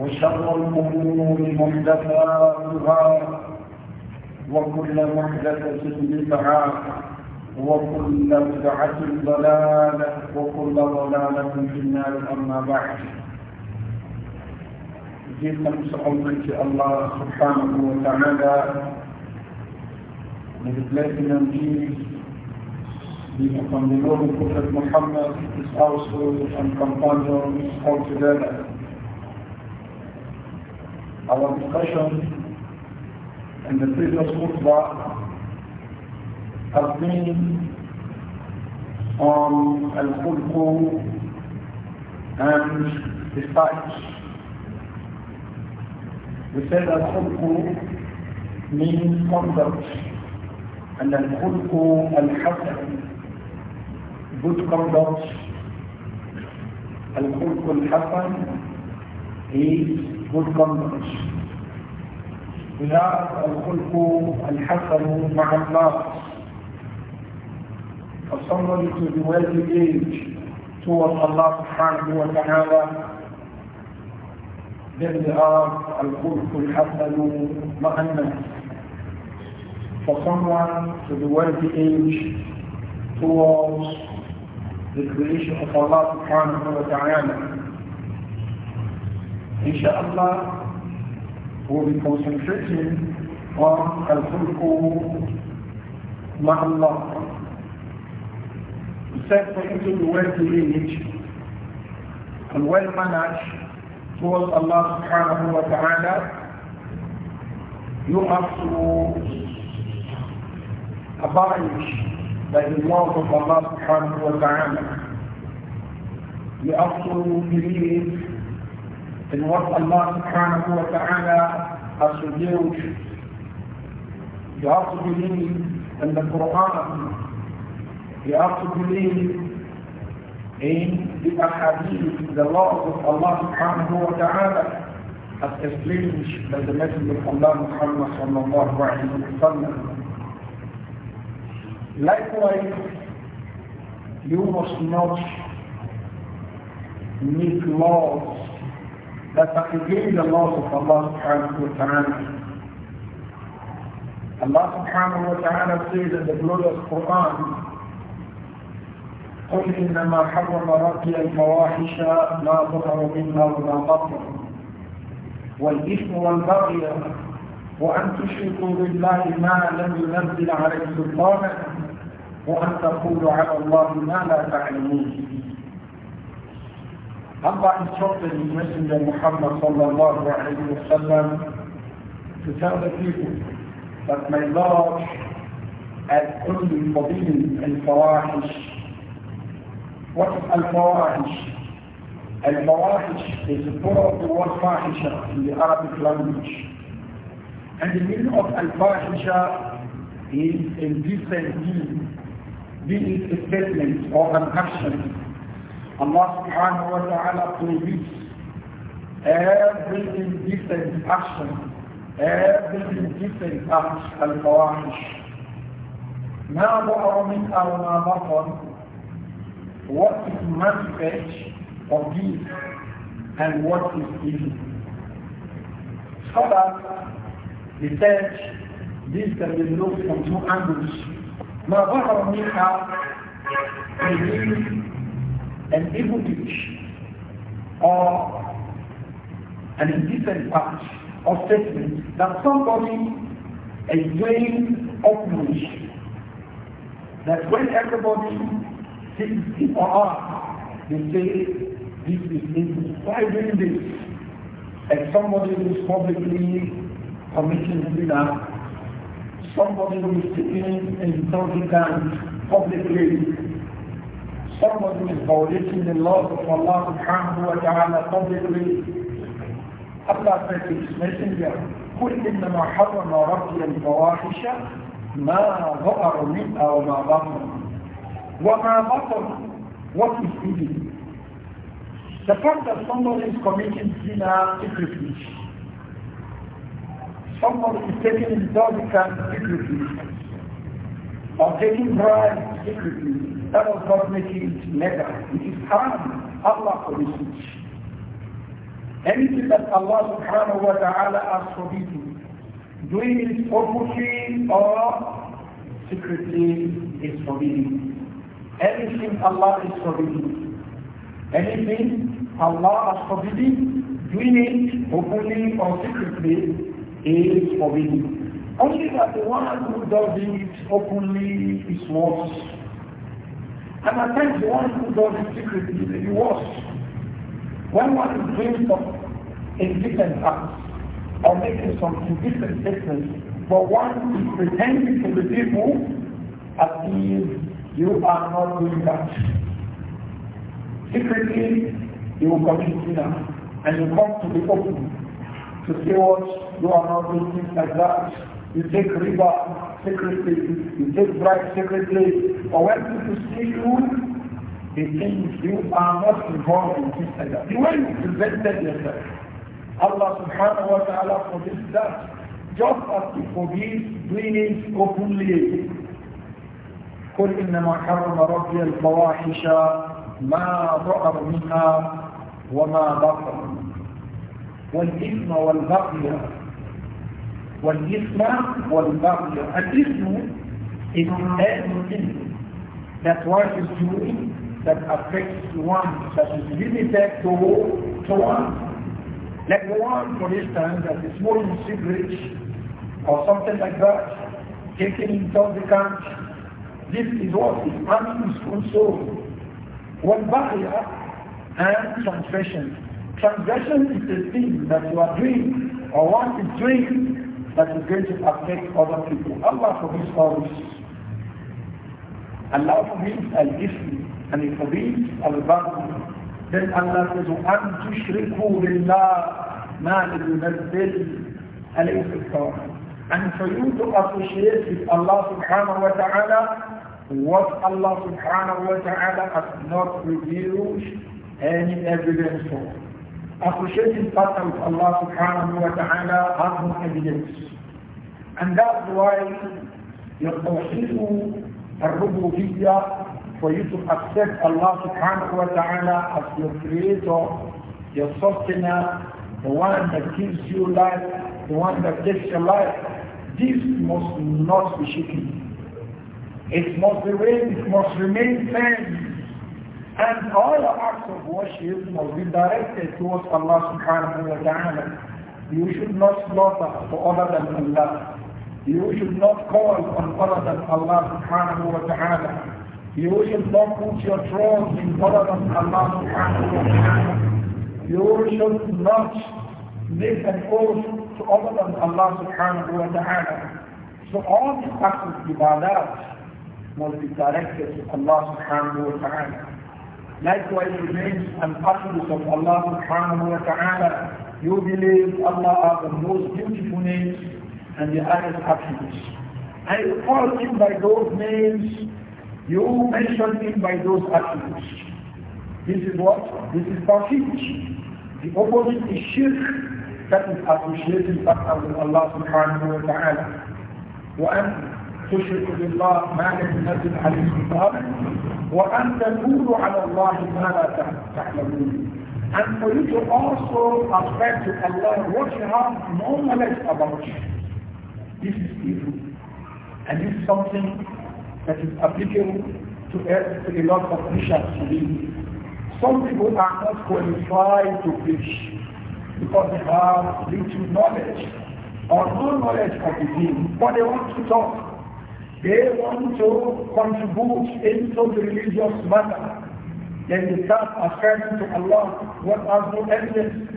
وشر الأمور محدثاتها وكل محدثة بدعة وكل بدعة ضلالة وكل ضلالة في النار أما بعد جئنا مسعودك الله سبحانه وتعالى من بلادنا الجيل بمقام لون محمد is also an companion of together. our discussion in the previous khutbah has been on al-khulqu and the sight. We said al-khulqu means conduct and al-khulqu al-hasan, good conduct. Al-khulqu al-hasan is good companies. We have الخلق الحسن مع الناس. For somebody to the towards Allah then they are الخلق الحسن مع الناس for someone to be worthy age towards the creation of Allah subhanahu wa inshaAllah, we'll be concentrating on Al-Khulqu Ma'allah. we said for him to be well-behaved and well-managed towards Allah subhanahu wa ta'ala, you have to abide by the laws of Allah subhanahu wa ta'ala. You have to believe in what Allah subhanahu wa ta'ala has revealed. You have to believe in the Quran. You have to believe in the ahadith, the laws of Allah subhanahu wa ta'ala as explained by the Messenger of Allah Muhammad sallallahu alayhi wa sallam. Likewise, you must not make laws that الله against الله laws of الله سبحانه وتعالى ta'ala. Allah subhanahu says in the glorious Quran, قل إنما حرم ربي الفواحش ما ظهر منها وما بطن والإثم والبغي وأن تشركوا بالله ما لم ينزل عليه سلطانا وأن تقولوا على الله ما لا تعلمون Allah instructed His Messenger Muhammad sallallahu alayhi wa sallam to tell the people that my Lord had only forbidden al-fawahish. What is al-fawahish? Al-fawahish is the plural of the word fahisha in the Arabic language. And the meaning of al-fahisha is different deed, This is a statement or an action Allah subhanahu wa ta'ala prohibits every indecent action, every indecent act, al-fawahish. ما ظهر منها وما بطن what is manifest of this and what is hidden. So that the church, this can be looked from two angles. ما ظهر منها reveals an evil deed or an indecent act or statement that somebody is doing openly, that when everybody sees him or they say, this is evil. Why doing this? And somebody who is publicly committing sinner, somebody who is sitting in the Sudan publicly Someone who is violating the laws of Allah subhanahu wa ta'ala publicly. قل إنما حرم ربي الفواحش ما ظهر منها وما بطن وما بطن what is hidden the fact that someone is committing sin secretly someone is taking intoxicant secretly or taking bribes secretly, that was not making it legal. It is haram. Allah forbids it. Anything that Allah subhanahu wa ta'ala has forbidden, doing it openly or secretly is forbidden. Anything Allah is forbidden. Anything Allah has forbidden, doing it openly or secretly is forbidden. Only that the one who does it openly is worse. And at times the one who does it secretly is even worse. When one is doing some different acts or making some different statements, but one is pretending to the people as if you are not doing that. Secretly, you will in sinner and you come to the open to say what you are not doing things like that. you take riba secretly, you take bribe secretly, or when people see you, they think you are not involved in this and that. The way you yourself, Allah subhanahu wa ta'ala forgives that. Just as He forgives doing openly. قل إنما حرم ربي الفواحش ما ظهر منها وما بطن والإثم والبغي والإثم والبغي الإثم is thing that one is doing that affects one that is limited to, to one. Like the one, for instance, that is smoking cigarettes or something like that, taking account This is what is harming his own soul. One barrier and transgression. Transgression is the thing that you are doing or one is doing that is going to affect other people. Allah forgives all this. Allah forgives al-Islam and He forgives al-Batil. Then Allah says, وَأَنْ تُشْرِكُوا بِاللَّهِ مَا لِلْمَزِّلِ عَلَيْهِ الْكَوْمِ And for you to associate with Allah subhanahu wa ta'ala what Allah subhanahu wa ta'ala has not revealed any evidence for associated pattern with Allah subhanahu wa ta'ala has no evidence. And that's why your tawheed al-rububiyyah for you to accept Allah subhanahu wa ta'ala as your creator, your sustainer, the one that gives you life, the one that takes your life. This must not be shaken. It must remain, it must remain firm and all acts of worship must be directed towards Allah subhanahu wa ta'ala. You should not slaughter for other than Allah. You should not call on other than Allah subhanahu wa ta'ala. You should not put your trust in other than Allah subhanahu wa ta'ala. You should not make an oath to other than Allah subhanahu wa ta'ala. So all these acts of ibadat must be directed to Allah subhanahu wa ta'ala. Likewise remains an attribute of Allah subhanahu wa ta'ala. You believe Allah are the most beautiful names and the highest attributes. I call him by those names, you mention him by those attributes. This is what? This is perfect. The opposite is shirk that is associated with Allah subhanahu wa ta'ala. تشرك بالله ما لم ينزل عليه وأن تقولوا على الله ما لا تعلمون And for you to also ascribe to Allah what you have no knowledge about. This is evil. And this is something that is applicable to, a lot of Christians today. Some people are not qualified to preach because they have little knowledge or no knowledge of the deen, but they want to talk. They want to contribute into the religious matter. Then they start affirming to Allah what are the evidence.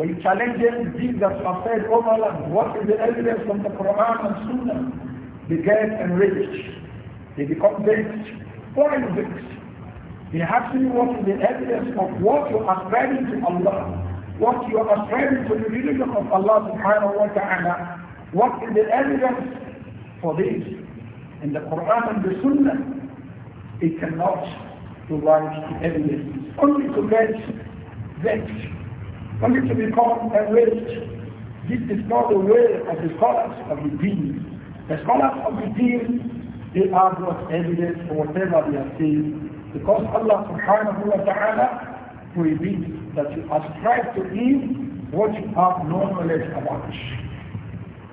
When challenge Jesus these said, oh Allah, what is the evidence from the Quran and Sunnah? They get enraged. They become based. Why based? They actually want the evidence of what you are spreading to Allah what you are ascribing to the religion of Allah subhanahu wa ta'ala. What is the evidence for this? in the Quran and the Sunnah, it cannot provide evidence. Only to get vexed, only to become enraged. This is not the way of the scholars of the deen. The scholars of the deen, they are not evidence for whatever they are saying. Because Allah subhanahu wa ta'ala prohibits that you ascribe to him what you have no knowledge about.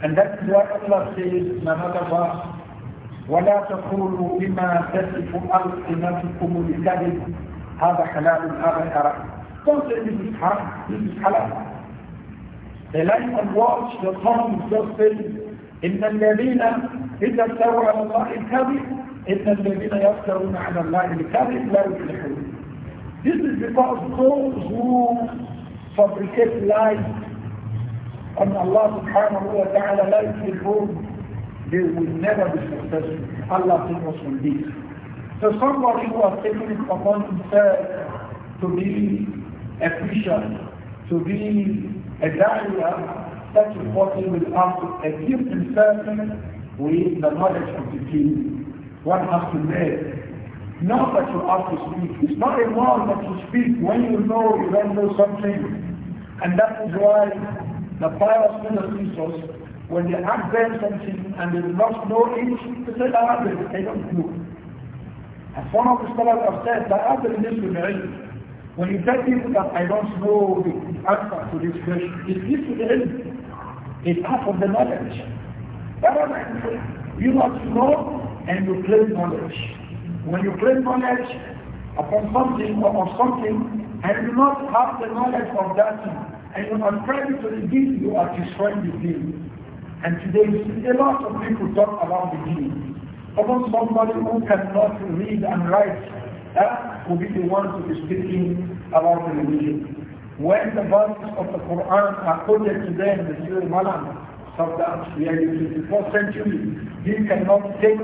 And that's why Allah says in another verse, ولا تقولوا بما تسف ألسنتكم الكذب هذا حلال هذا حرام Don't say this is haram, this is halal. They like and watch the tongue just saying, إن الذين إذا افتروا على الله الكذب إن الذين يفترون على الله الكذب لا يفلحون. This is because those who fabricate lies on Allah subhanahu wa ta'ala لا يفلحون. they will never be successful. Allah save us from this. So somebody who has taken it upon himself to be a preacher, to be a Dahiyah, such a person will have to equip himself with the knowledge of the king. One has to make not that you have to speak. It's not a wrong that you speak when you know you don't know something. And that is why the pious ministers when they ask them something and they do not know it, they say, I ah, don't know. As one of the scholars have said, I have in this religion. When you tell people that I don't know the answer to this question, it is to the end. It's half of the knowledge. That is, you must know and you claim knowledge. When you claim knowledge upon something or of something, and you do not have the knowledge of that thing, and you are trying to the deed, you are destroying the deed. And today you see a lot of people talk about the deen. Even somebody who cannot read and write who eh, will be the one who is speaking about the religion. When the verses of the Quran are quoted to them, the Surah Malam, sometimes we are in the 24th century, this cannot take.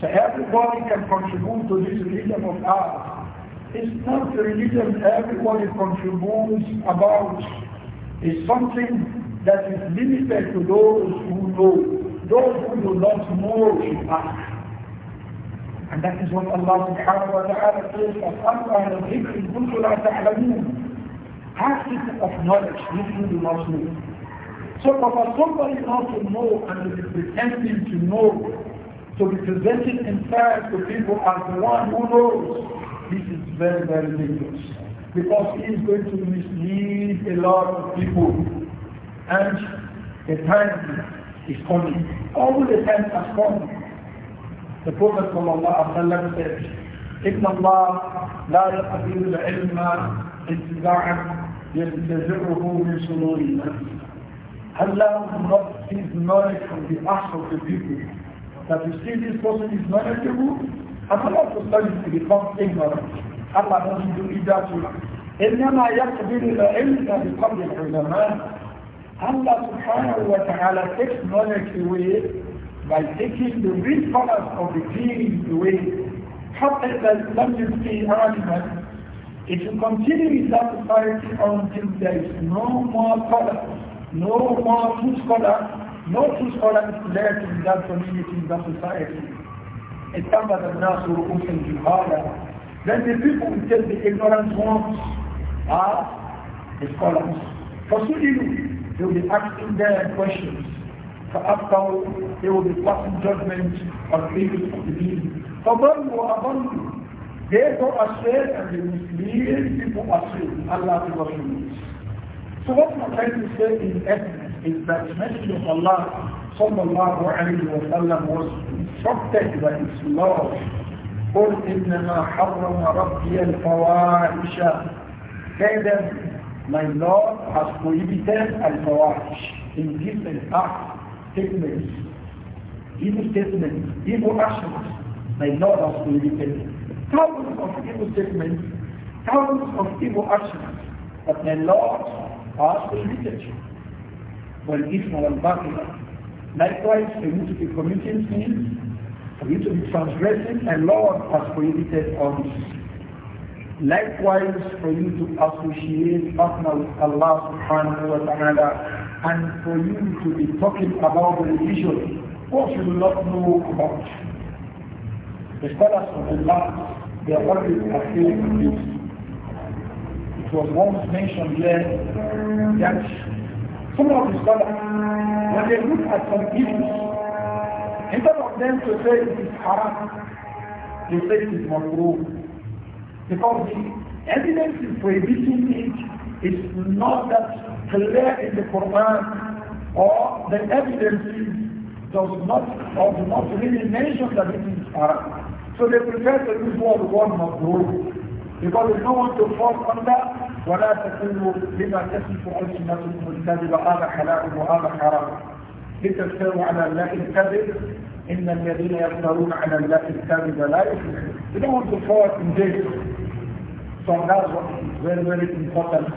So everybody can contribute to this religion of ours. It's not the religion everybody contributes about. It's something that is limited to those who know. Those who do not know than us, And that is what Allah subhanahu wa ta'ala says, فَأَمْ أَهْلَ الذِّكْرِ كُنْتُ لَا تَعْلَمُونَ Have people of knowledge if you do not know. So for somebody not to know and to be pretending to know, to be in fact to people as the one who knows, this is very, very dangerous. Because he is going to mislead a lot of people and the time is coming. All the time has come. The Prophet ﷺ said, إِنَّ اللَّهَ لَا يَقْبِلُ الْعِلْمَ انتزاعا ينتزعه من صدور الناس. Allah will not seize knowledge from the hearts of the people. That you see this person is knowledgeable, and Allah will study to become ignorant. Allah doesn't do it that way. إنما يقبل العلم بقبل العلماء Allah subhanahu wa ta'ala takes knowledge away by taking the real colors of the deen away. Hatta that you see عالما It will continue in that society until there is no more color, no more food scholar, no food scholar is left in that community, in that society. It's time that the Nasu Rukusin Jihara. Then the people will take the ignorant ones are ah, the scholars. Pursue they will be asking them questions. For after they will be passing judgment on people For who are among وَأَضَلُّوا They go astray and they mislead people astray. Allah is watching So what I'm trying to say in essence is that the message of Allah sallallahu alayhi wa sallam was instructed by his Lord قل إنما حرم ربي الفواحش كَيْدًا my Lord has prohibited al-fawahish, different acts, statements, evil statements, evil actions. My Lord has prohibited thousands of evil statements, thousands of evil actions that my Lord has prohibited. والإثم والباطل Likewise, for you to be committing sins, for you to be transgressing, and Lord has prohibited all Likewise, for you to associate partner with Allah subhanahu wa ta'ala and for you to be talking about the religion, what you do not know about. The scholars of the Allah, they are always afraid of this. It was once mentioned here that some of the scholars, when they look at some issues, instead of them to say it is haram, they say it is makruh. Because the evidence is prohibiting it is not that clear in the Quran or the evidence does not or not really mention that it is haram. So they prefer to use word one not rule. Because they don't to fall under ولا تقولوا لما تصف ألسنتكم الكذب هذا حلال وهذا حرام لتفتروا على الله الكذب إن الذين يفترون على الله الكذب لا يفلحون We don't want to fall in this. So that's what is very, very important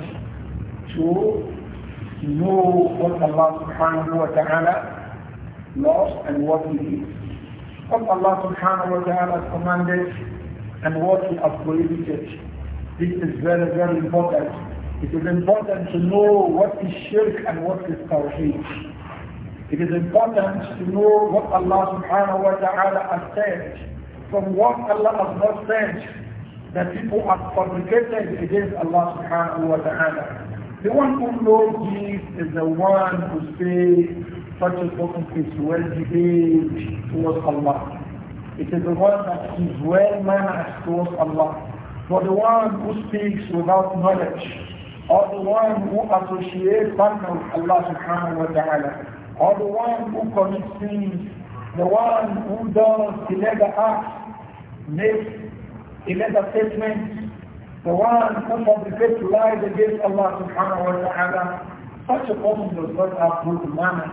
to know what Allah subhanahu wa ta'ala loves and what He is, What Allah subhanahu wa ta'ala has commanded and what He has prohibited. This is very, very important. It is important to know what is shirk and what is tawheed. It is important to know what Allah subhanahu wa ta'ala has said from what Allah has not said that people have fabricated against Allah subhanahu wa ta'ala. The one who knows this is the one who says such a person is well behaved towards Allah. It is the one that is well mannered towards Allah. For the one who speaks without knowledge, or the one who associates partner with Allah subhanahu wa ta'ala, or the one who commits sins, the one who does illegal acts, makes illegal statements, the one who fabricates lies against Allah subhanahu wa ta'ala, such a person does not have good manners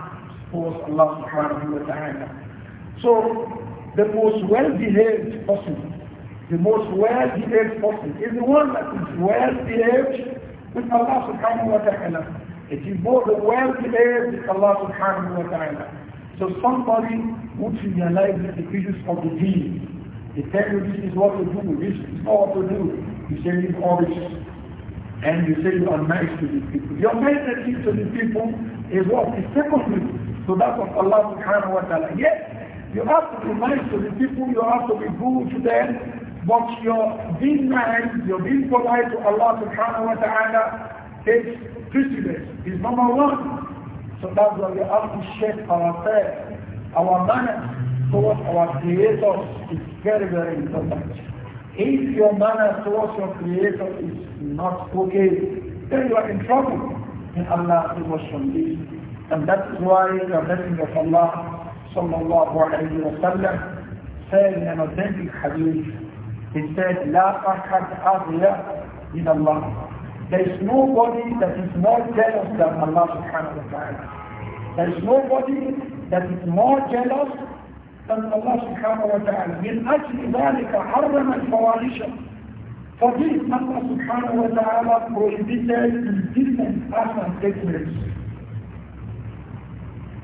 towards Allah subhanahu wa ta'ala. So the most well-behaved person the most well-behaved person is the one that is well-behaved with Allah subhanahu wa ta'ala. It is both the wealth, behaved with Allah subhanahu wa ta'ala. So somebody would realize the decreases of the deen. They tell you this is what to do, this is not what to do. You say you all this. And you say you are nice to these people. Your message to these people is what is secondary So that's what Allah subhanahu wa ta'ala. Yes, you have to be nice to the people, you have to be good to them, but your being nice, your being polite to Allah subhanahu wa ta'ala his precedence is number one. So that's why we have to shape our prayer, our manners towards our creators is very, very important. If your manners towards your Creator is not okay, then you are in trouble. And Allah save us from this. And that is why the blessing of Allah sallallahu alayhi wa sallam said in an authentic hadith, he said, لا أحد أغير من الله there is nobody that is more jealous than Allah subhanahu wa ta'ala. There is nobody that is more jealous than Allah subhanahu wa ta'ala. من أجل ذلك حرم الفواحش. For this Allah subhanahu wa ta'ala prohibited indecent acts and statements.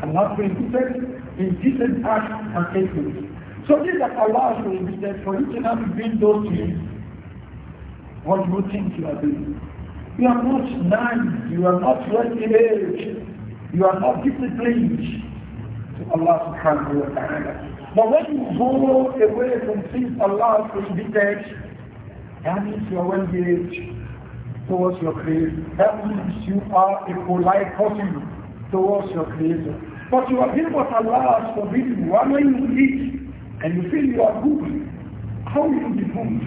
Allah prohibited indecent acts and statements. So this that Allah has prohibited for you to not be doing those things, what you think you are doing. You are not nice, you are not well-behaved, you are not disciplined to Allah subhanahu wa ta'ala. But when you go away from things Allah has prohibited, that means you are well-behaved towards your Creator. That means you are a polite person towards your Creator. But you are here what Allah has forbidden. Why do you eat and you feel you are good? How will you be good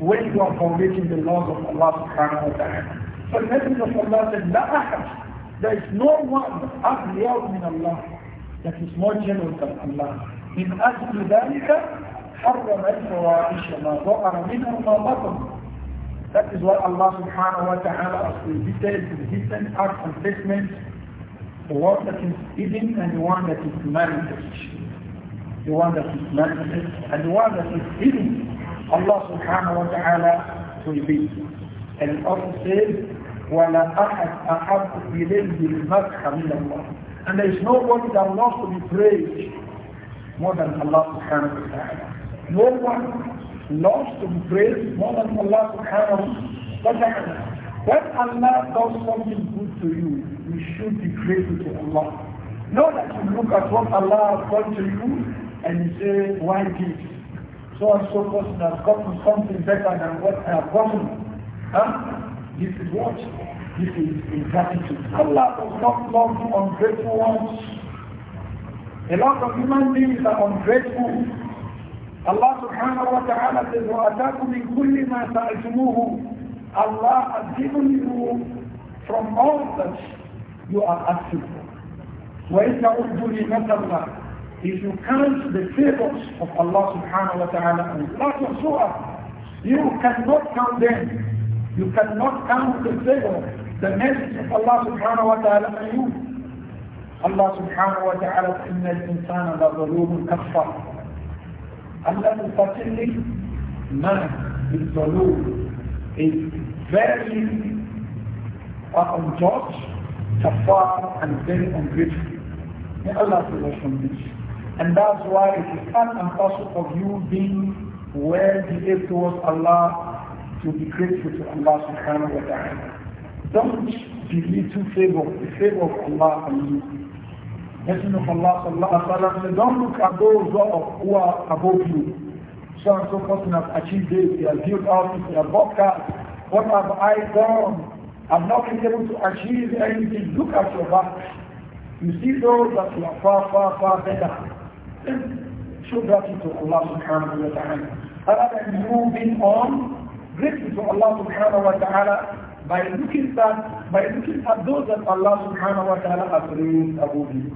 when you are violating the laws of Allah subhanahu wa ta'ala? فالنبي صلى الله عليه وسلم لا أحد there is no one أغلياء من الله that is more generous than Allah من أجل ذلك حرم الفواحش ما ظهر منه ما بطن That is what Allah subhanahu wa ta'ala has prohibited in different acts and statements the one that is hidden and the one that is manifest. The one that is manifest and the one that is hidden. Allah subhanahu wa ta'ala prohibits. And it also says, وَلَا أَحَدْ أَحَبُّ إِلَيْهِ الْمَسْحَ مِنَ اللَّهِ And there is nobody that loves to be praised more than Allah subhanahu wa ta'ala. No one loves to be praised more than Allah subhanahu wa ta'ala. When Allah does something good to you, you should be grateful to Allah. Not that you look at what Allah has done to you and you say, why this? So and so person has gotten something better than what I have gotten. Huh? This is what? This is ingratitude. Allah does not love ungrateful ones. A lot of human beings are ungrateful. Allah subhanahu wa ta'ala says, وَأَتَاكُمْ مِنْ كُلِّ مَا سَأَلْتُمُوهُ Allah has given you from all that you are asking for. وَإِنَّ أُرْجُ لِمَةَ اللَّهِ If you count the favors of Allah subhanahu wa ta'ala and Allah you cannot count them you cannot count the favor, the mercy of Allah subhanahu wa ta'ala on you. Allah subhanahu wa ta'ala إِنَّ الْإِنسَانَ لَظَلُومٌ كَفَّرٌ Allah unfortunately, man is ظلوم, is very unjust, kafar, and very ungrateful. May Allah save us from this. And that's why it is not and of you being well behaved towards Allah to be grateful to Allah subhanahu wa ta'ala. Don't belittle favor, the favor of Allah on you. Messenger of Allah sallallahu alayhi wa sallam don't look at those who are above you. So and so person has achieved this, they have built houses, they have bought cars. What have I done? I've not been able to achieve anything. Look at your back. You see those that you are far, far, far better. Then show gratitude to Allah subhanahu wa ta'ala. Rather than moving on grateful to Allah subhanahu wa ta'ala by looking at by looking at those that Allah subhanahu wa ta'ala has raised above you.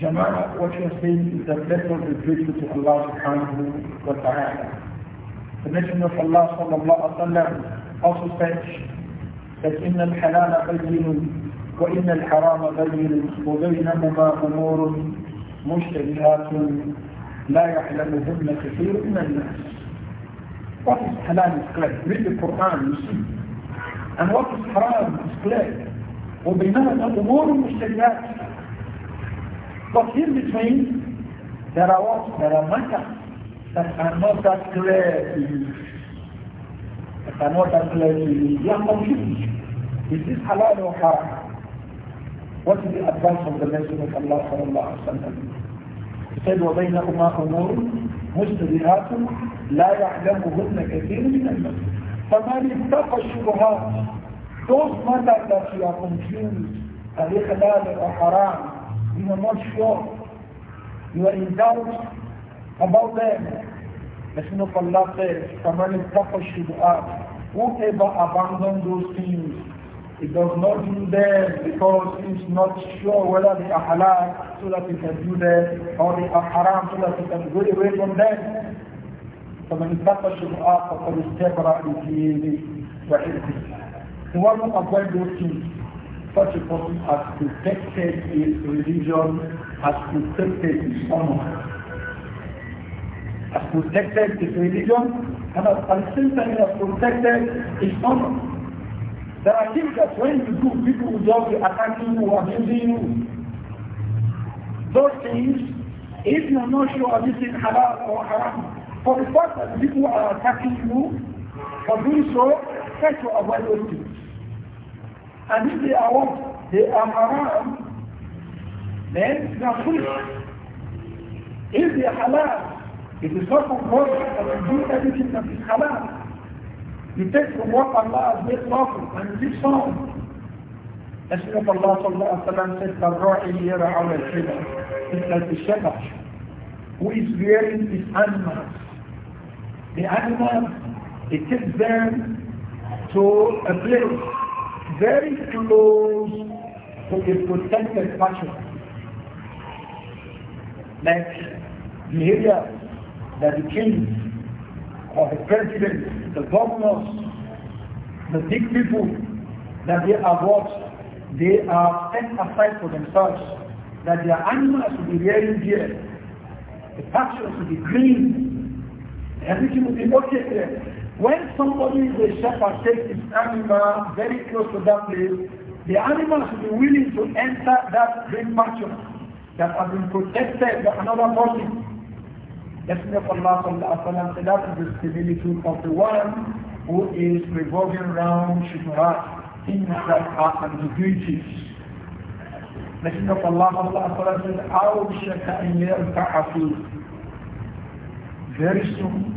Jama'ah, what you are saying is that let us be grateful to Allah subhanahu wa ta'ala. The Messenger of Allah sallallahu alaihi wasallam also said that إن الحلال بين وإن الحرام بين وبينهما أمور مشتبهات لا يعلمهن كثير من الناس what is halal is clear. Read the Quran, you see. And what is haram is clear. وبينما الأمور المشتريات But in between, there are what? There are matters that are not that clear to you. That are not that clear to you. You are confused. Is this halal or haram? What is the advice of the Messenger of Allah صلى الله عليه وسلم? He said, وَبَيْنَهُمَا أُمُورٌ مشتبهات لا يعلمهن كثير من الناس فمن اتقى الشبهات those matters that you are confused are halal or haram you are not sure you are in doubt about them Messenger of Allah says فمن اتقى الشبهات whoever abandons those things It does not do them because he is not sure whether they are halal so that he can do them or they are haram so that he can go away from them. فمن اتقى الشبهات فقد استبرأ لدينه وعرضه. The one who avoids those things, such a person has protected his religion, has protected his honor, has protected his religion, and at the same time has protected his honor. There are things that when you do, people will just be attacking you, abusing you. Those things, if you are not sure of this is halal or haram, for the fact that people are attacking you, for doing so, try to avoid those things. And if they are what? They are haram, then they are free. If they are halal, it is not God that you do everything that is halal. You take from what Allah has made lawful and give some. Messenger of Allah sallallahu alayhi wa sallam said, فَالرَّعِي يَرَعَوْ الْحِبَى It's like the shepherd who is wearing his animals. The animals, he takes them to a place very close to a protected pasture. Like the area that the king or the president, the governors, the big people, that they are what? They are set aside for themselves, that their animals should be rearing here, the pasture should be green, everything will be okay there. When somebody is a shepherd takes his animal very close to that place, the animal should be willing to enter that green pasture that has been protected by another person Messenger of Allah sallallahu said that is the similitude of the one who is revolving around shubuhat, things that are ambiguities. Messenger of Allah sallallahu said, "Awshaka an yarta'afu." Very soon,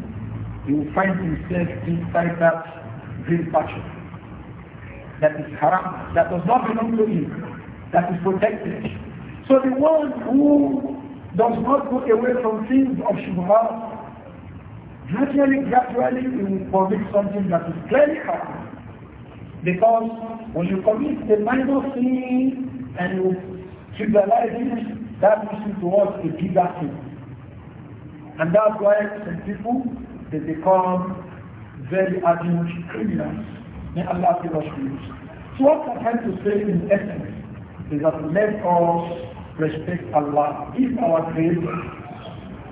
he will find himself inside that green patch That is haram, that does not belong to him, that is protected. So the one who does not go away from things of Shubha, gradually, gradually you will commit something that is clearly haram. Because when you commit the minor sin and you trivialize it, that pushes towards a bigger sin. And that's why some people, they become very ardent criminals. May Allah give us peace. So what I'm trying to say in essence is that let us respect Allah. He's our creator.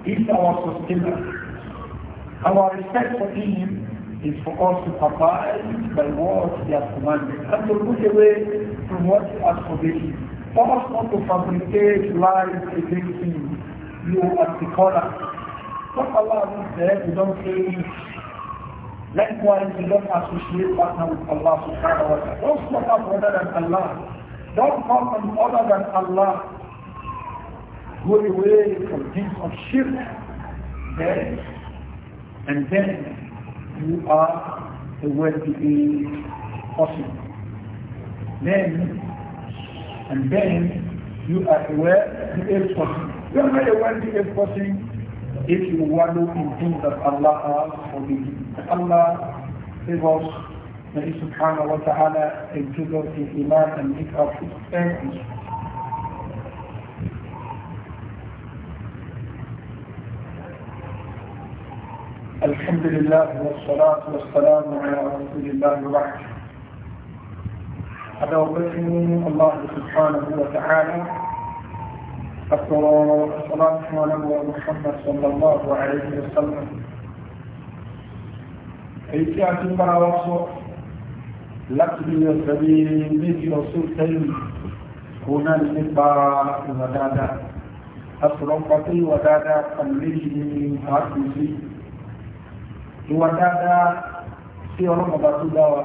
He's our sustainer. Our respect for Him is for us to abide by what He has commanded and to look away from what He has forbidden. For us not to fabricate lies against Him, you as the caller. What Allah has said, we don't say Likewise, we don't associate partner with Allah subhanahu wa ta'ala. Don't up other than Allah. Don't call on other than Allah go away from things of shirk, then, and then you are a well-being person. Then, and then you are the well-behaved person. You are not a well-behaved if you wallow in things that Allah has for forbidden. Allah favors the subhanahu wa ta'ala in gives us his iman and make us his الحمد لله والصلاة والسلام على رسول الله وبعد هذا وقفني الله سبحانه وتعالى أكبر الصلاة على محمد صلى الله عليه وسلم أيتي أتمنى وصف لقبي السبيل مثل رسول هنا المنبر ودادا أصلا قطي ودادا قلبه هاتفي ìwà dáadáa sí ọlọ́mọba tó dá wa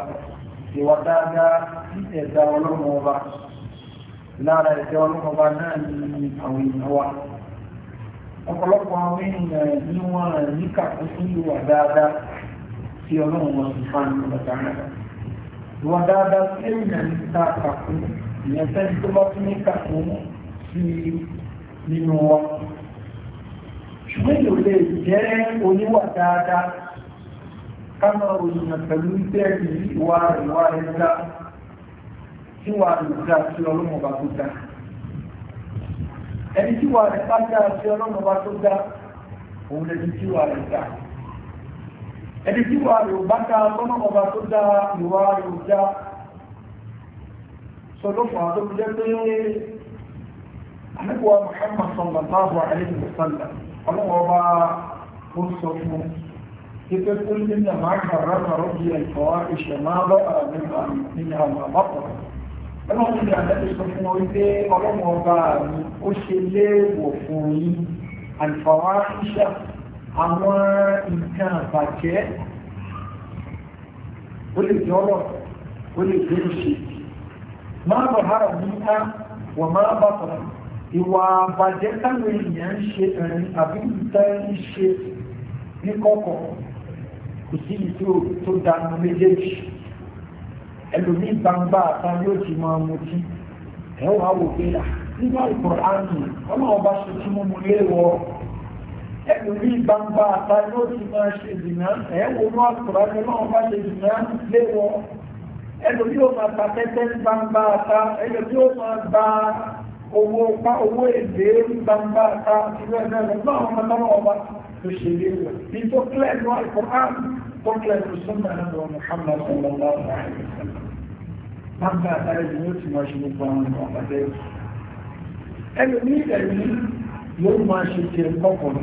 ìwà dáadáa sí ẹ̀dá ọlọ́mọba lára ẹ̀dá ọlọ́mọba náà ní àwọn èèyàn wa ọ̀pọ̀lọpọ̀ àwọn èèyàn ní wọ́n ní kàkún sí ìwà dáadáa sí ọlọ́mọba tó fà ní ọ̀dà náà ìwà dáadáa sí èèyàn ní ta kàkún ìyẹn fẹ́ni tó bá tún ní kàkún sí nínú wa ṣùgbọ́n ìlò lè jẹ́ oníwà dáadáa kama olùmọ̀tẹ̀lú tẹ́ẹ̀kì ìwà ìwà ẹ̀dá tí wà ìdá sí ọlọ́mọba tó dá ẹni tí wà ẹ̀dá dá sí ọlọ́mọba tó dá òun lẹ́ni tí wà ẹ̀dá ẹni tí wà ìwà dá ọlọ́mọba tó dá ìwà ìwà sọlọ́fà tó fi jẹ́ pé àníkùwà Muhammad sallallahu alaihi wasallam ọlọ́mọba ó sọ fún un ذكر كل إنما حرم ربي الفواحش ما ظهر منها منها ما بطن ọlọ́run ní àdájọ́ sọ fún wọn wípé ọlọ́run ọba mi ó ṣe léèwọ̀ fún yín àlùfáwá ṣíṣà àwọn nǹkan àbàjẹ́ ó lè jẹ́ ọ̀rọ̀ ó lè jẹ́ ìṣe máa bọ̀ hàrà níta wọ̀ máa bá tọ̀rọ̀ ìwà àbàjẹ́ táwọn èèyàn ń ṣe ẹ̀rín àbí nǹkan ń ṣe ní kọ́kọ̀ọ́ kò sí ibi tó dánú méjèèjì ẹlòmí gbangba àtàn yóò ti máa mutí ẹ wàá wò pé nínú àìkùránì ọlọ́wọ́ bá ṣe tí mo mú léwọ́ ẹlòmí gbangba àtàn yóò ti máa ṣe dìnnà ẹ wò ní àìkùránì ọlọ́wọ́ bá ṣe dìnnà léwọ́ ẹlòmí ò máa ta tẹ́tẹ́ gbangba àtà ẹlòmí ò máa gba owó pa owó èdè gbangba àtà ìrẹ́lẹ̀ lọ́wọ́ ọmọ náà ọba tó ṣe lé wọ̀ bí tó kílẹ̀ ní Al-Qur'an tó kílẹ̀ ní sunna náà lọ Muhammad sallallahu alaihi wa sallam máa ń bá àtàrà ìlú ní ti máa ṣe gbogbo àwọn ọmọ àbàdẹ ẹnu ní ẹ̀rí yóò máa ṣe ti ẹ̀kọ́ kan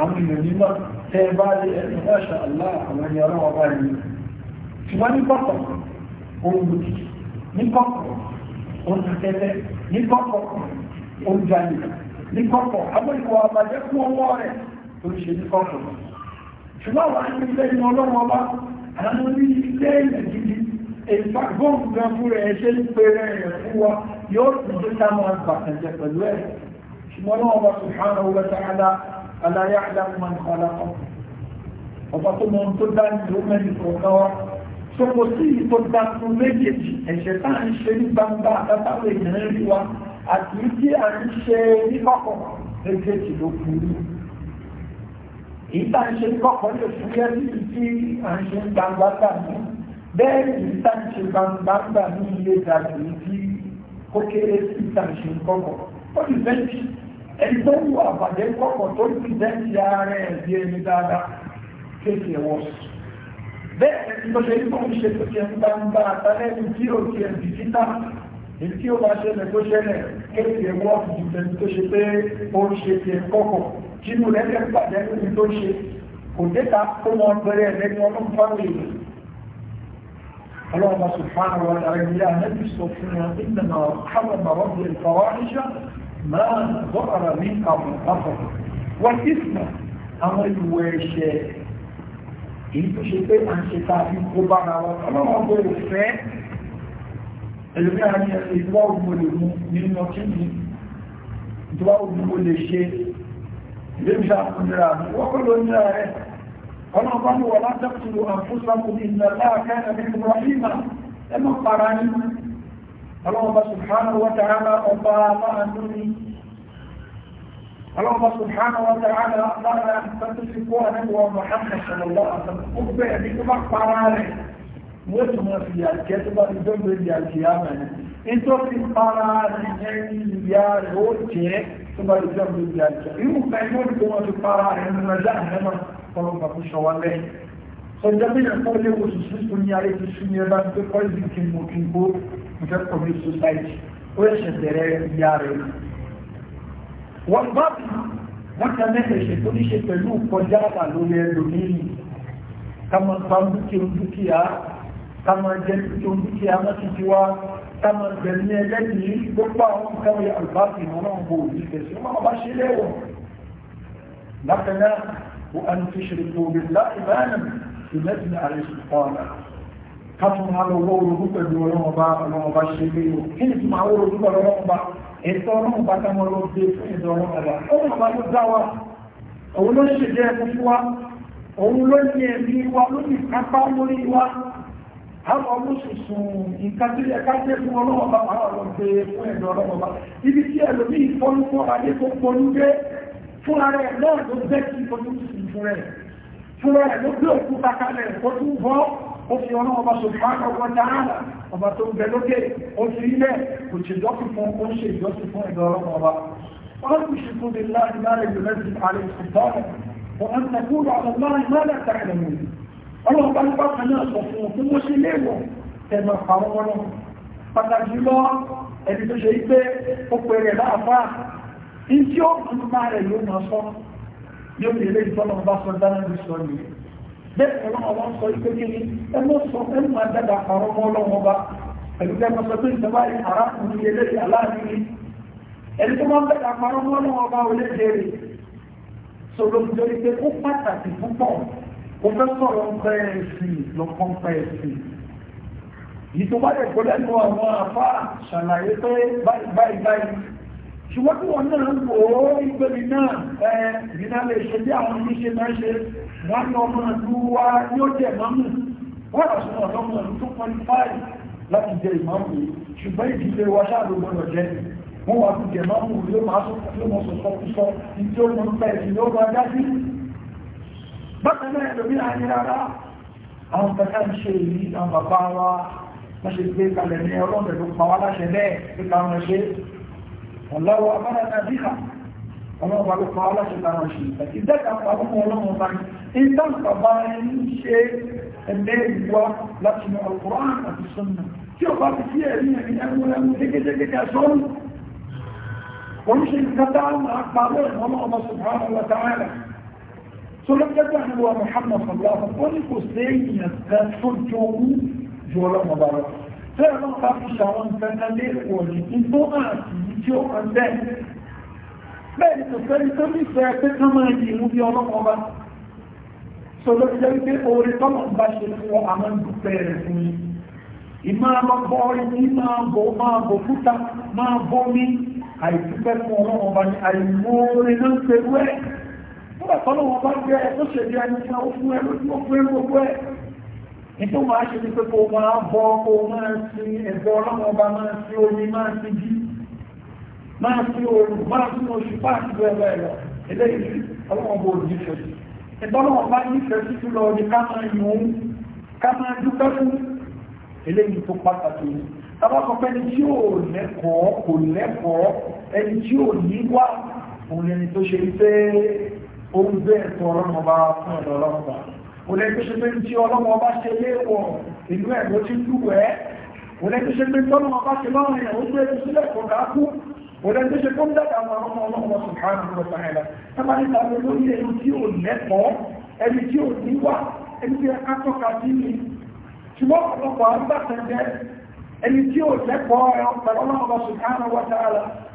àwọn èèyàn nígbà tẹ́ bá lé ẹ̀rí máṣá Allah àwọn ẹni ọlọ́wọ́ bá yìí ṣùgbọ́n ní kọ́kọ̀ olùdí ní kọ́kọ̀ olùtẹ́tẹ́ ní kọ́kọ̀ olùjalè ní kọ́kọ̀ abẹ́kọ̀ọ́ àbàjẹ́ fún ọwọ́ rẹ̀ tó ń ṣe ní kọ́kùn ṣùgbọ́n wà ní ilé ìwọ̀n ọlọ́run ọba àwọn orí ilé ìlẹ̀ gidi èfà góòlù gan fún rẹ̀ ṣe ń pe rẹ̀ fún wa yóò tún tó ká máa gbà tẹ̀jẹ̀ pẹ̀lú ẹ̀ ṣùgbọ́n ọlọ́run ọba subhanahu wa ta'ala ala ya'lamu man khalaqa ọba tó mọ tó dá ní ìlú mẹ́rin kọ̀ọ̀kan wa sọ́kò sí ìtò dákú méjèèjì ẹ̀ṣẹ̀ tá à ń ṣe ní gbangba àtàtàwé ìrìn ìta ń ṣe kọ́kọ́ fún yẹ́ tí a ń ṣe gbangba tàbí bẹ́ẹ̀ ìta ń ṣe gbangba tàbí ilé tàbí ní tí ó kéré sí ìta ń ṣe kọ́kọ́ ó ti bẹ́ẹ̀tì ẹni tó wù àbàdé kọ́kọ́ tó ti bẹ́ẹ̀tì ara ẹ̀ bí ẹni dáadáa kéèké wọ́ bẹ́ẹ̀ ẹni tó ṣe kó ṣe tó ṣe gbangba àtàlẹ́ni tí ó ti ẹ̀bì títà èyí tí ó bá ṣẹlẹ̀ tó ṣẹlẹ̀ kéèké wọ́ ju tínú rẹ̀ fẹ́ pàjẹ́ níbi tó ṣe kò déta kó wọn bẹ̀rẹ̀ lẹ́ni ọdún fáwọn èèyàn ọlọ́run subhanahu wa ta'ala ilé anábì sọ fún wọn nígbà náà káwọn bàbá bí ìfọwọ́ iṣẹ́ máa zọ́ọ̀rọ̀ ní àwọn àfọ̀ wọ́n ti sùn àwọn ìwẹ̀ ẹ̀ṣẹ̀ èyí tó ṣe pé à ń ṣe ta fi kó bára wọn ọlọ́run kò fẹ́ ẹlòmíràn ní ẹ̀ṣẹ̀ ìwọ́ ògbó lè mú nínú ọtí يمشى أمراني وكل النار فما ظنوا ولا تقتلوا أنفسكم إن الله كان بكم رحيما ẹmọ para ní ọlọ́ọ̀bá subhanahu wa ta'ala ọba láàá lórí ọlọ́ọ̀bá subhanahu wa ta'ala lára tàbí sí kó ànẹ́wọ̀ Muhammad sallallahu alaihi wasallam ó bẹ̀ẹ̀ ní tó bá para rẹ̀ wọ́n tún mọ̀ sí àjẹ́ tó bá ìjọ́gbé di àjẹ́ àmẹ́ ní tó fi para rẹ̀ yẹn ìyá rẹ̀ ó jẹ́ bá lè jẹ́ ọmọ ibi àjẹ́ irú kan iná ìgbé wọn ti para ẹnu ẹja àmẹ́mà ọlọ́gbà fún ṣọwọ́ lẹ́yìn sọjọ́ bí yẹn kọ́ lé oṣù sísun ní ayé ti sún ní ẹbá ń pé poison kí mo kí n kó ìfẹ́ commit suicide ó ṣẹ̀ bẹ̀rẹ̀ ìyá rẹ̀ wọ́n bá wọ́n ta mẹ́tẹ̀ẹ̀ṣẹ̀ tó ní ṣe pẹ̀lú kọjá àbà lórí ẹlòmíràn táwọn ìgbẹ̀mí ẹlẹ́dìí gbogbo àwọn kẹwàá àlùbáàkì ìmọ̀ náà bò ní ìgbẹ̀sí wọn bá ṣe léwọ̀ bákan náà wọ́n á ń fi ṣe gbogbo ìlà ìbáyà ìmẹ́sìn àrẹ sùpọ̀ọ̀nà káfún máa lọ wọ́ orogún pẹ̀lú ọlọ́mọba ọlọ́mọba ṣe léwọ̀ kí ni tí wọ́ orogún pẹ̀lú ọlọ́mọba ẹ̀tọ́ ọlọ́mọba táwọn lọ gbé fún ẹ̀dọ̀ ọlọ́mọba ọlọ́mọba ló àwọn olóṣùṣùn nǹkan tó yẹ ká jẹ́ fún ọlọ́wọ́ bá wà lọ gbé fún ẹ̀dọ̀ ọlọ́wọ́ bá ibi tí ẹlòmí ìfọ́nú fún ọba dé tó pọnú dé fúnra rẹ̀ náà ló jẹ́ kí ojú sí fún rẹ̀ fúnra rẹ̀ ló gbé òkú kakalẹ̀ ó bọ́ ó fi ọlọ́wọ́ bá sọ̀rọ̀ máa kọ́kọ́ dáhàlà ọba tó ń bẹ lókè ó fi ilẹ̀ kò ṣe ìjọsìn fún ó ń ṣe ìjọsìn fún ẹ̀dọ̀ ọlọ́wọ́ bá wọ́n kù fún mi láti má ọlọ́run bá ní bákan náà sọ fún un tí wọ́n ṣe léèwọ̀ tẹ̀mọ̀ àwọn ọmọ náà pàtàkì lọ ẹni tó ṣe pé ó pè rẹ̀ láàfá in tí ó ń máa rẹ̀ ló máa sọ yóò fi eré ìtọ́nà bá sọ dáná ní sọ nìyí bẹ́ẹ̀ ọlọ́run wọn sọ pé kí ni ẹ mọ́ sọ ẹ máa dàgbà àwọn ọmọ ọlọ́run bá ẹni tó máa ń dàgbà àwọn ọmọ ọlọ́run bá olè jèrè sọ lóbi lórí pé ó pàtàkì púpọ̀ ici, ici. Il des pas, ça été. mo fẹ́ sọ̀rọ̀ ń pẹ́ ẹ̀sìn lọ́pọ̀ ń pẹ́ ẹ̀sìn yìí tó bá dẹ̀kọ́ lẹ́nu àwọn àfá ṣàlàyé pé báyìí báyìí ṣùgbọ́n tí wọ́n náà ń bò ó ìgbèmí náà ẹ̀ ìrìnà lè ṣe bí àwọn oníṣẹ́ máa ṣe wọ́n lọ mọ̀ lú wa ní ó jẹ́ mọ́mù wọ́n rà sọ́nà lọ́mọ ìlú tó pọ́n fáì láti jẹ ìmọ̀mù ṣùgbọ́n ìdílé wa ṣáàlú gbọ́dọ̀ jẹ́ wọ́n wà fún jẹ mọ́mù ló máa sọ fún ọmọ sọ̀sọ́ bákan náà ẹ̀lòmí àní rárá àwọn kankan ṣe èyí àwọn bàbá wa wọ́n ṣe gbé kalẹ̀ ní ọlọ́run ẹ̀lú pa wá láṣẹ bẹ́ẹ̀ pé káwọn ẹṣẹ́ ọ̀lọ́wọ́ abára náà díkà ọlọ́run wa ló pa wá láṣẹ káwọn ṣe ìtàkì dẹ́ka pa fún ọlọ́run bá ní ìtàn bàbá ẹni ṣe ẹgbẹ́ ìwá láti mọ Al-Qur'an àti Sunnah tí ọba ti fi ẹ̀rí ẹ̀rí ẹ̀rú ẹ̀rú gẹ́gẹ́gẹ́gẹ́ sọ́run oníṣẹ́ ìkátá máa pa lọ́rùn tolójẹ́gbà nílò wa Muhammad sallallahu alaihi wa sallam ó ní kò sí èèyàn kan tó jowú ju ọlọ́mọ bá lọ tó yẹ lọ́nà bá fún àwọn nǹkan kan lé òní igbó àti yìí tí ó kàn bẹ́ẹ̀ bẹ́ẹ̀ ni kò sẹ́ni tó ní sọ pé ká máa yí ìlú bí ọlọ́mọ bá tolójẹ́ wípé oore tọ́mọ̀ bá ṣe fún àwọn dúpẹ́ rẹ̀ fún yín ìmáa lọ bọ́ máa bọ̀ máa bọ̀ fúta máa bọ́ mi àìsípẹ́ fún ọlọ́mọ bá ní àìmóore nígbà tọ́lọ́ wọn bá jẹ́ tó ṣe bí ẹni kan ó fún ẹ lójú ó fún ẹ gbogbo ẹ nítorí wọn á ṣe ní pé kó máa bọ kó máa sí ẹ̀gbọ́ ọlọ́wọ́n ọba máa sí omi máa sí jí máa sí oòrùn máa sí oṣù páàkì bẹ́ẹ̀ bẹ́ẹ̀ lọ eléyìí ọlọ́wọ́n bó ní ìfẹ́ sí ìtọ́lọ́wọ́n bá ní ìfẹ́ sí jùlọ ní ká ó ń bẹ́ ẹ̀tọ́ ọlọ́mọba fún ọ̀dọ̀ ọlọ́mọba ó lẹ́ tó ṣe pé tí ọlọ́mọba ṣe léèwọ̀ ìlú ẹ̀ ló ti lú ẹ́ ó lẹ́ tó ṣe pé tí ọlọ́mọba ṣe lọ́rùn ẹ̀ ó gbé sílẹ̀ kó dá kú ó lẹ́ tó ṣe kó ń dàgbà àwọn ọmọ ọlọ́mọ subhanahu wa ta'ala tábà ní tàbí lórí ẹni tí ò lẹ́kọ̀ọ́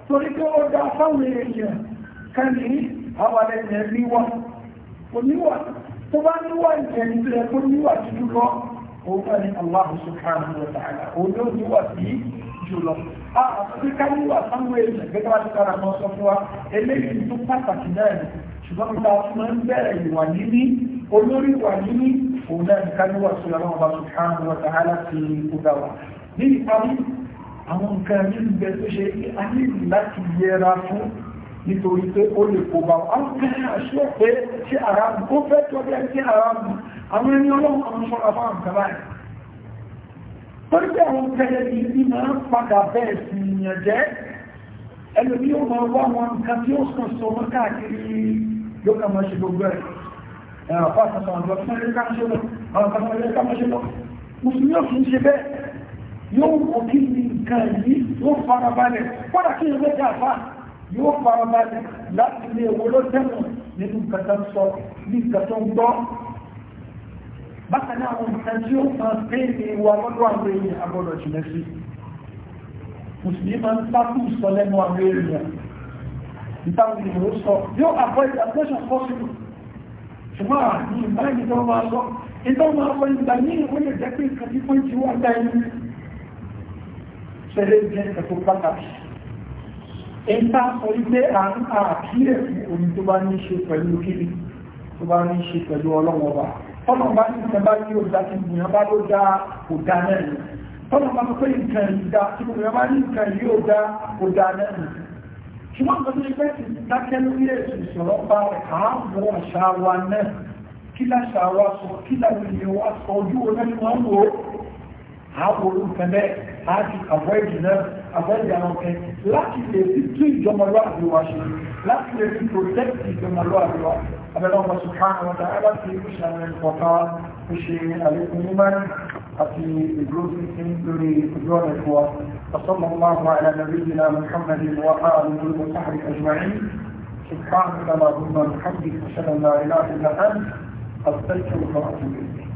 torí pé ó dá fáwọn èèyàn kan ní àwọn alẹ́sẹ̀ níwà oníwà tó bá níwà ìjẹni tó yẹ kó níwà tuntun lọ òun náà ni Allah subhanahu wa ta'ala òun yóò níwà sí jùlọ àti ká níwà sáwọn èèyàn gẹ́gẹ́ bá ti kára kan sọ fún wa eléyìí tó pàtàkì náà ni ṣùgbọ́n mi ta máa ń bẹ̀rẹ̀ ìwà níní olórí ìwà níní òun náà ni ká níwà sí ọlọ́run bá subhanahu wa ta'ala ti kó dá wa ní ìparí àwọn nǹkan ní ìgbẹ́ tó ṣe ní a ní láti yẹra fún nítorí pé ó lè kó bá wọn kẹ́rin àṣẹ pé ṣé àràmù ó fẹ́ tọ́jú ẹni sí àràmù àwọn ẹni ọlọ́run àwọn ṣọ́ra fún àwọn kẹlá ẹ̀ torí pé àwọn kẹlẹ̀ ní ibi máa ń padà bẹ́ẹ̀ sí ìyàn jẹ́ ẹlòmí ó máa wá wọn nǹkan tí ó sàn so mọ́ káàkiri yóò kà máa ṣe gbogbo ẹ̀ ẹ̀rọ pàṣẹ sọ̀rọ̀ lọ sí ẹ̀rọ lè ká máa ṣe lọ mùsùlùmí ò fi ń ṣe bẹ́ẹ̀ yóò wọ kí nǹkan yìí yóò farabalẹ̀ láti lè wọlé tẹ́wọ̀n nínú kàtà sọ ní kàtà ń gbọ́ bákan náà àwọn nǹkan tí ó máa pé ní wa lọ́dọ̀ àwọn èèyàn agbọ́dọ̀ jìnà sí mùsùlùmí máa ń sáfù sọ lẹ́nu àwọn èèyàn ìtàwọn èèyàn ó sọ yóò avoid attention possible ṣùgbọ́n àti ìbáyìí tó máa sọ ìtọ́ máa sọ ìgbà ní ìwé lè jẹ́ pé nǹkan tí wọ́n ti wá dá ẹni ṣẹlẹ̀ jẹ́ ẹ̀kọ́ pàtàkì ẹ̀ta sọ wípé à ń àkíyẹ̀ sí omi tó bá ní ṣe pẹ̀lú kíbi tó bá ní ṣe pẹ̀lú ọlọ́wọ́ wa tọ́nà bá ní ìtẹ́ bá ní òdá ti gbìyàn bá ló dá òdá náà ni tọ́nà bá sọ pé nǹkan ìdá tí gbìyàn bá ní nǹkan yìí ó dá òdá náà ni ṣùgbọ́n tó pẹ́ àbẹ́lì àwọn kẹ láti lè fi tún ìjọmọlúwà àríwá ṣe láti lè fi protect ìjọmọlúwà àríwá abẹ́lẹ́ ọmọ sùkánà wọn tàbí láti fi ṣàlẹ̀ ìpọ̀ta ó ṣe àlékún mímọ́ni àti ìgbóhùn sí lórí ojú ọ̀nà ìfọwà وصلى الله على نبينا محمد وآله وصحبه أجمعين سبحانك اللهم وبحمدك أشهد أن لا إله إلا أنت أستغفرك وأتوب إليك